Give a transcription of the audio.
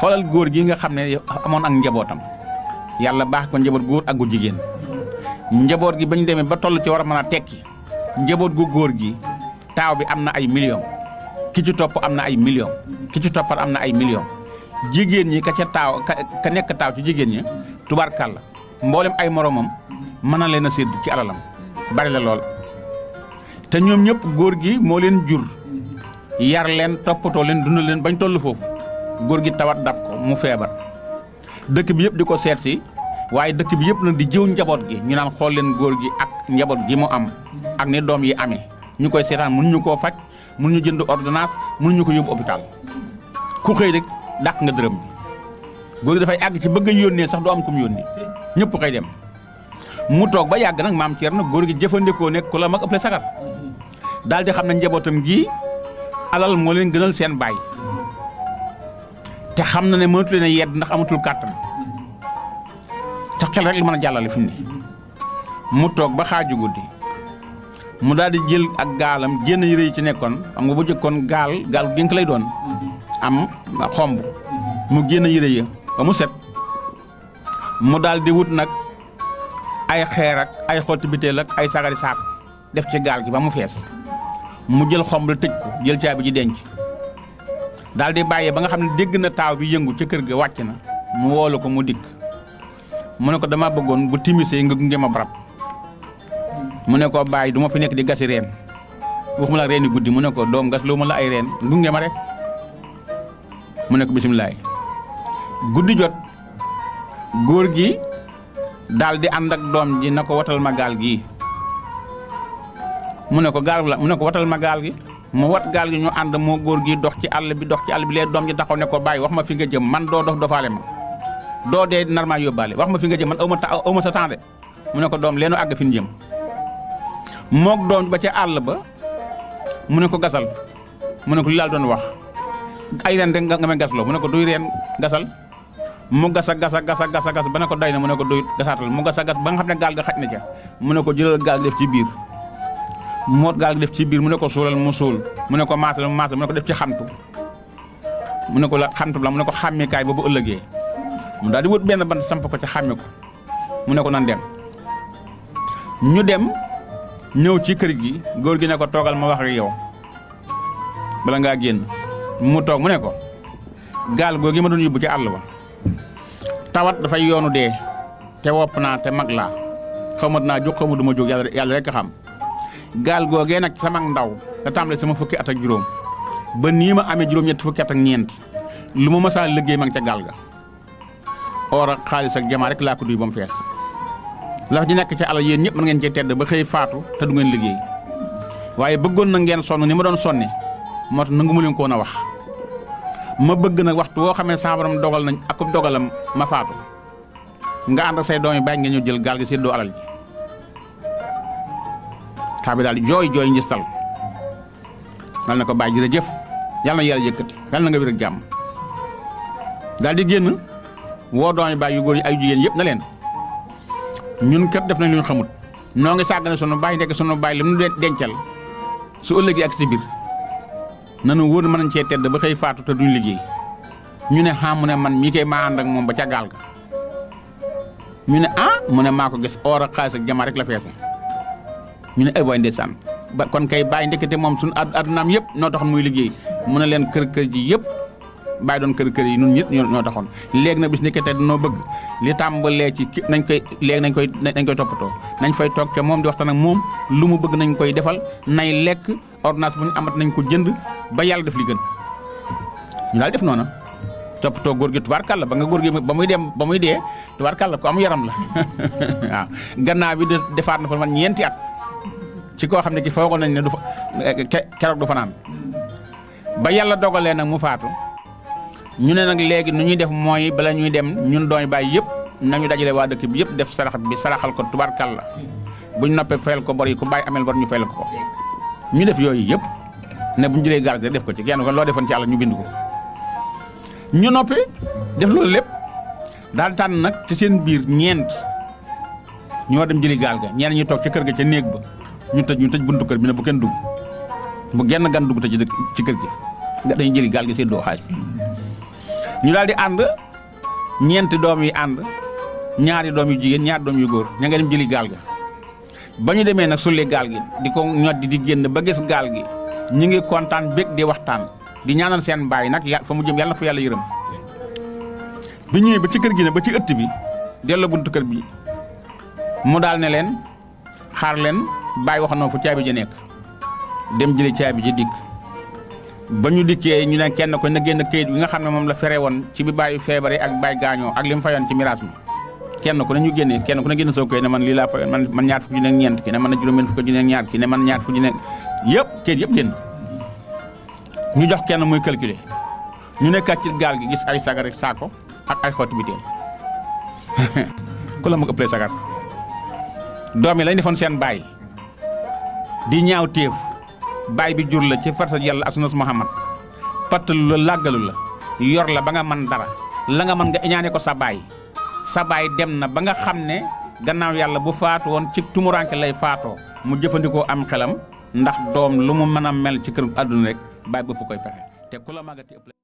xoolal góor gi nga xam ne amoon ak njabootam yàlla baax ko njaboot góor ak gu jigéen njaboot gi bañ demee ba toll ci war a mën a tekki njaboot gu góor gi taaw bi am na ay million ki ci topp am na ay million ki ci toppat am na ay million jigéen ñi ka taaw ka nekk taaw ci jigéen ñi tubaarkàlla mboolem ay moromam mën na leen a sédd ci alalam bari la lool te ñoom ñëpp góor gi moo leen jur yar leen toppatoo leen dundal leen bañ toll foofu. góor gi tawat dab ko mu feebar dëkk bi yëpp di ko seetsi waaye dëkk bi yëpp nag di jiw njaboot gi ñu naan xool leen góor gi ak njaboot gi mu am ak ni doom yi amee ñu koy seetaan mënuñu koo faj mënuñu jënd ordonnance mënuñu ko yóbbu hôpital ku xëy rek daq nga dërëm bi góor gi dafay àgg ci bëgg a yónnee sax du am ku mu ñëpp xëy dem mu toog ba yàgg nag maam na góor gi jëfandikoo ne ku la mag ëppale sagar daal di xam ne njabootam gii alal moo leen gënal seen bàyyi te xam na ne mënatu leen yedd ndax amatul kàttan te xel rek li mën a jàllale fi mu ne mu toog ba xaaju guddi mu daal di jël ak gaalam jénn yi rëy ci nekkoon xam nga bu jëkkoon gaal gaal génk lay doon am xomb mu génn yére ya ba mu set mu daldi wut nag ay xeer ay xotti biteel ay sagari saako def ci gaal gi ba mu fees mu jël xomb la tëj ko jël caabi ji denc daal di bàyyee ba nga xam ne dégg na taaw bi yëngu ci kër ga wàcc na mu woolu ko mu dikk mu ne ko dama bëggoon bu timisee nga gunge ma barab mu ne ko bàyyi du ma fi nekk di gasi reen waxuma la reeni guddi mu ne ko doom gas loo ma la ay reen gunge ma rek mu ne ko bisimilaay guddi jot góor gi daldi di ànd ak doom ji na ko watal ma gaal gii mu ne ko gaal la mu ne ko watal ma gaal gi mu wat gaal gi ñu ànd moo góor gi dox ci àll bi dox ci àll bi lee doom ji taxaw ne ko bàyyi wax ma fi nga jëm man doo dox dofaale ma doo dee nar maa yóbbaale wax ma fi nga jëm man aw ma aw ma sa temps de mu ne ko doom leenu àgg fi ñu jëm moog doom ba ca àll ba mu ne ko gasal mu ne ko li doon wax ay ren rek nga may gasloo mu ne ko duy reen gasal mu gasa gasa gasa gasa gas a gas a ba ne ko doy na mu ne ko doy gasaatal mu gas a ba nga xam ne gaal ga xaj na ca mu ne ko jëlal gaal ci biir moot gaal def ci biir mu ne ko mu suul mu ne ko maatal mu maatal mu ko def ci ne ko la xamtu la mu ne ko xàmmikaay boobu ëllëgee daal di wut benn bant samp ko ci xàmme ko mu ne ko nan dem ñu dem ñëw ci kër gi góor gi ne ko toogal ma wax yow bala ngaa génn mu toog mu ne ko gaal googu ma doon yóbbu ci àll tawat dafay yoonu dee te wopp naa te mag laa xaw ma dinaa jóg xaw ma du ma jóg yàlla yàlla xam. gaal googee nag sama ndaw da tàmbale sama fukki at ak juróom ba nii ma amee juróom-ñett fukki at ñeent lu ma masaa liggéey mag ngi ca gaal ga or ak xaalis ak jamaa rek laa ko duy ba mu fees la ci nekk ci alal yéen ñëpp mën ngeen cee tedd ba xëy faatu te du ngeen liggéey waaye bëggoon na ngeen sonn ni ma doon sonne moo tax nangu ma a wax ma bëgg nag waxtu woo xamee saabaram dogal nañ akub dogalam ma faatu nga ànd say doom yi bàyyi nga ñëw jël gaal gi séddoo taabi daal jooy jooy njistal dal na ko bàyyi jërëjëf yàlla na yàlla yëkkati yàlla na nga wér jàmm daal di génn woo doomi baay yu góor yi ay jigéen yëpp na leen ñun kat def nañ lu ñu xamut noo ngi sàggane sonu baay ndekk sunu baay lu mu dencal su ëllëgee ak si na nu wóor mën nañ cee tedd ba xëy faatu te duñ liggéey ñu ne ah mu ne man mii koy maa ànd ak moom ba ca gaal ga ñu ne ah mu ne maa ko gis or ak xaalis ak jama la feese ñu ne ay waay ndeysaan ba kon kay bàyyi ndekete moom suñu addunaam yëpp noo taxoon muy liggéey mu ne leen kër kër ji yëpp bàyyi doon kër kër yi ñun ñëpp ñoo taxoon léegi na bis ndekete noo bëgg li tàmbalee ci nañ koy léegi nañ koy nañ koy toppatoo nañ fay toog ca moom di waxtaan ak moom lu mu bëgg nañ koy defal nay lekk ordonnance bu ñu amat nañ ko jënd ba yàlla def li gën ñu daal def noonu toppatoo góor gi kàll ba nga góor gi ba muy dem ba muy dee tubaarkàlla ku am yaram la gannaaw bi defaat na fa man ñeenti at. ci koo xam ne ki foogoon nañ ne du fa keroog du fanaan ba yàlla dogalee nag mu faatu ñu ne nag léegi nu ñuy def mooy bala ñuy dem ñun dooy bàyyi yëpp nañu dajale waa dëkk bi yëpp def sarax bi saraxal ko tubarkal la buñ noppee fayal ko bor yi ku bàyyi amel bor ñu fayal ko ñu def yooyu yëpp ne buñ jëlee gaal def ko ci kenn ko loo defoon ci yàlla ñu bind ko ñu noppi def loolu lépp daal tànn nag ci seen biir ñeent ñoo dem jëli gaal ga ñenn ñi toog ca kër ga ca néeg ba. ñu tëj ñu tëj buntu kër bi ne bu kenn dugg bu genn gan dugg te ci kër gi nga dañuy jëli gaal gi seen doo ñu daal di ànd ñeenti doom yi ànd ñaari doom yu jigéen ñaari doom yu góor ña nga dem jëli gaal ga ba ñu demee nag sulli gaal gi di ko ñoddi di génn ba gis gaal gi ñu ngi kontaan bég di waxtaan di ñaanal seen mbaay nag ya fa mu jëm yàlla na fa yàlla yërëm bi ñëwee ba ci kër gi ne ba ci ëtt bi delloo buntu kër bi mu daal ne leen xaar leen baay wax na fu caabi ji nekk dem jëli caabi ji dikk ba ñu dikkee ñu ne kenn ko na génn kayit bi nga xam ne moom la fere woon ci bi bàyyi feebare ak bàyyi gaañoo ak li mu fayoon ci miraas mi kenn ku ne ñu kenn ku ne génn soo koy ne man lii laa fayoon man man ñaar fukki junne ak ñeent ki ne man juróom-benn fukki junne ak ñaar ki ne man ñaar fukki junne yëpp kayit yëpp génn ñu jox kenn muy calculer ñu nekkaat ci gaal gi gis ay sagar saako ak ay xotti biteel ku la mu ëpplee sagar doom yi lañ defoon seen bàyyi di ñaaw téef baay bi jur la ci farsa yàlla ak sunnas muhammad fattalu la làggalu la yor la ba nga man dara la nga mën nga iñaane ko sa baay sa baay dem na ba nga xam ne gannaaw yàlla bu faatu woon ci tumuraanke lay faatoo mu jëfandikoo am xelam ndax doom lu mu mën a mel ci kër àdduna rek baay bëpp koy pexe te ku la màggati ëpp